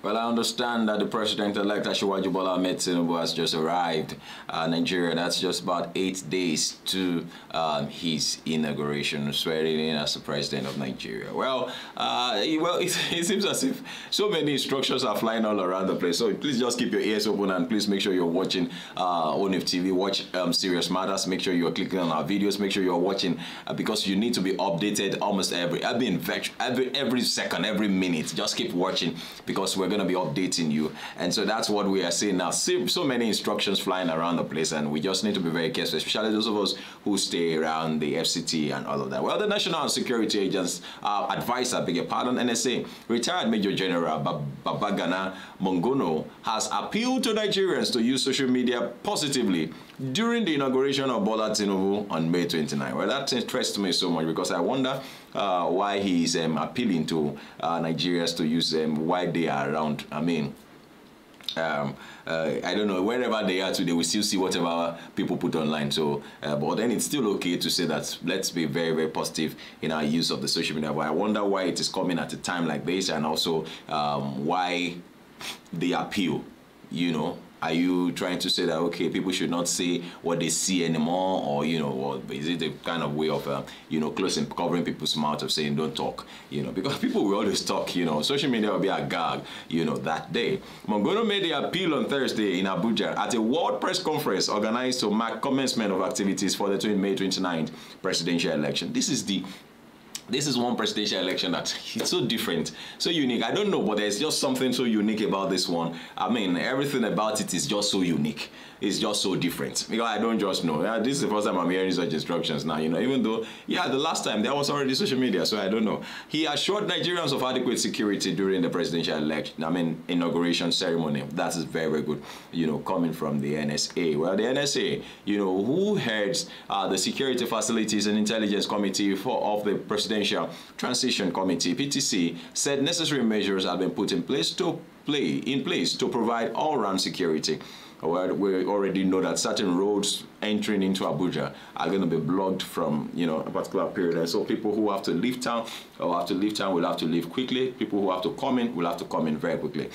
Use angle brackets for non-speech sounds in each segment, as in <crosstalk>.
Well, I understand that the president-elect Ashwaji Bola Ahmed Tinubu has just arrived uh, Nigeria. That's just about eight days to um, his inauguration, swearing in as the president of Nigeria. Well, uh, well, <laughs> it, it, seems as if so many instructions are flying all around the place. So please just keep your ears open and please make sure you're watching uh, ONIF TV. Watch um, Serious Matters. Make sure you're clicking on our videos. Make sure you're watching uh, because you need to be updated almost every, every, every, every second, every minute. Just keep watching because we're we're going to be updating you. And so that's what we are seeing now. See, so many instructions flying around the place and we just need to be very careful, especially those of us who stay around the FCT and all of that. Well, the National Security Agents uh, advisor, beg your pardon, NSA, retired Major General Babagana Mongono has appealed to Nigerians to use social media positively during the inauguration of Bola Tinubu on May 29. Well, that interests me so much because I wonder uh, why he is um, appealing to uh, Nigerians to use them why they are around. I mean, um, uh, I don't know, wherever they are today, we still see whatever people put online. So, uh, but then it's still okay to say that let's be very, very positive in our use of the social media. But I wonder why it is coming at a time like this and also um, why the appeal, you know, are you trying to say that okay people should not see what they see anymore or you know is it the kind of way of uh, you know closing covering people's mouth of saying don't talk you know because <laughs> people will always talk you know social media will be a gag you know that day mongono made the appeal on thursday in abuja at a world press conference organized to mark commencement of activities for the 20 may 29th presidential election this is the this is one presidential election that <laughs> it's so different, so unique. I don't know, but there's just something so unique about this one. I mean, everything about it is just so unique. It's just so different. Because I don't just know. Yeah, this is the first time I'm hearing such instructions now, you know, even though, yeah, the last time there was already social media, so I don't know. He assured Nigerians of adequate security during the presidential election, I mean, inauguration ceremony. That is very, very good, you know, coming from the NSA. Well, the NSA, you know, who heads uh, the Security Facilities and Intelligence Committee for, of the presidential Presidential Transition Committee, PTC, said necessary measures have been put in place to play in place to provide all-round security. Well, we already know that certain roads entering into Abuja are going to be blocked from you know a particular period, and so people who have to leave town or have to leave town will have to leave quickly. People who have to come in will have to come in very quickly.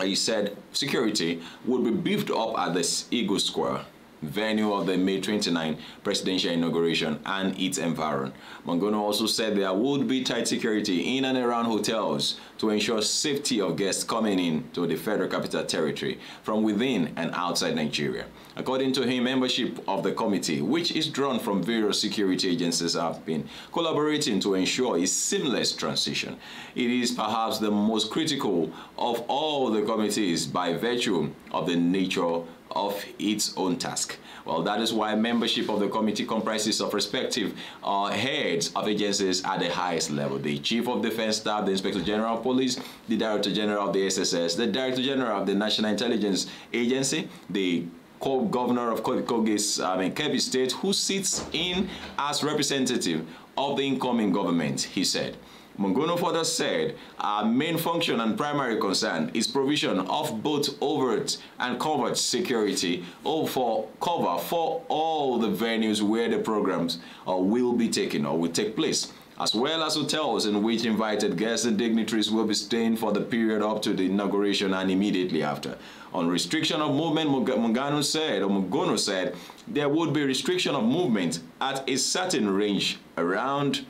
He said security would be beefed up at this Eagle Square venue of the May 29 presidential inauguration and its environment. Mangono also said there would be tight security in and around hotels to ensure safety of guests coming in to the Federal Capital Territory from within and outside Nigeria. According to him, membership of the committee, which is drawn from various security agencies, have been collaborating to ensure a seamless transition. It is perhaps the most critical of all the committees by virtue of the nature of its own task. Well, that is why membership of the committee comprises of respective uh, heads of agencies at the highest level. The Chief of Defense Staff, the Inspector General of Police, the Director General of the SSS, the Director General of the National Intelligence Agency, the co-governor of Kogi's, I mean, State, who sits in as representative of the incoming government, he said. Mongono further said, our main function and primary concern is provision of both overt and covert security or for cover for all the venues where the programs uh, will be taken or will take place, as well as hotels in which invited guests and dignitaries will be staying for the period up to the inauguration and immediately after. On restriction of movement, Mungano said, or said, there would be restriction of movement at a certain range around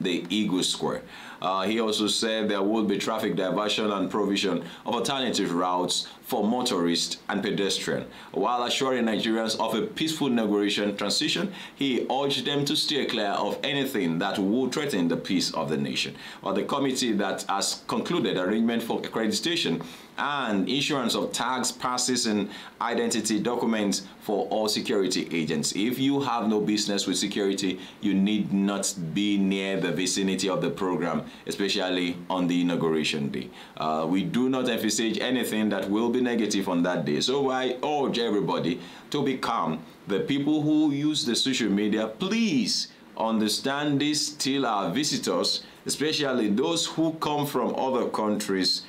the eagle square uh, he also said there would be traffic diversion and provision of alternative routes for motorists and pedestrians. While assuring Nigerians of a peaceful negotiation transition, he urged them to steer clear of anything that would threaten the peace of the nation. Or the committee that has concluded arrangement for accreditation and issuance of tags, passes, and identity documents for all security agents. If you have no business with security, you need not be near the vicinity of the program especially on the inauguration day. Uh, we do not envisage anything that will be negative on that day. So I urge everybody to be calm. The people who use the social media, please understand this till our visitors, especially those who come from other countries,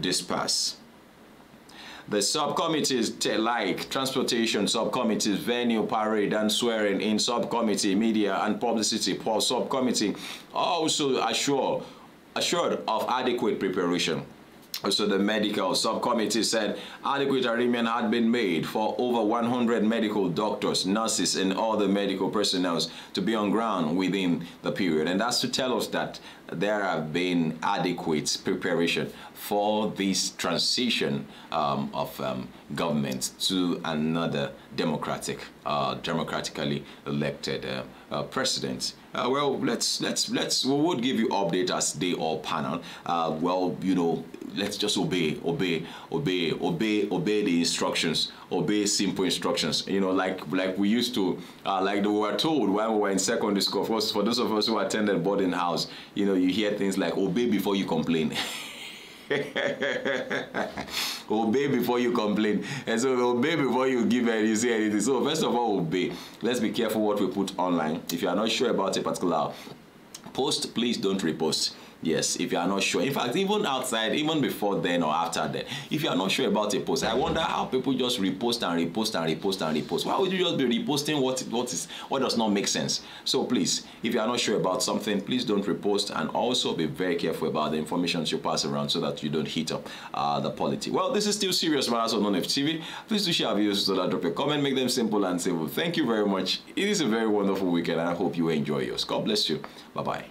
disperse. The subcommittees like transportation subcommittee, venue, parade and swearing in subcommittee, media and publicity for subcommittee also assure, assured of adequate preparation. Also, the medical subcommittee said adequate arrangement had been made for over 100 medical doctors, nurses, and other medical personnel to be on ground within the period. And that's to tell us that there have been adequate preparation for this transition um, of um, government to another democratic, uh, democratically elected uh, uh, president. Uh, well, let's let's let's we would give you update as they all panel. Uh, well, you know, let's just obey, obey, obey, obey, obey the instructions, obey simple instructions. You know, like like we used to, uh, like we were told when we were in secondary school. For, for those of us who attended boarding house, you know know, you hear things like obey before you complain. <laughs> obey before you complain. And so obey before you give and you say anything. So first of all, obey. Let's be careful what we put online. If you are not sure about a particular post, please don't repost Yes, if you are not sure. In fact, even outside, even before then or after then, if you are not sure about a post, I wonder how people just repost and repost and repost and repost. Why would you just be reposting what what is what does not make sense? So please, if you are not sure about something, please don't repost and also be very careful about the information you pass around so that you don't heat up uh, the polity. Well, this is still serious matters on non tv Please do share videos so that drop a comment, make them simple and simple. Thank you very much. It is a very wonderful weekend and I hope you enjoy yours. God bless you. Bye-bye.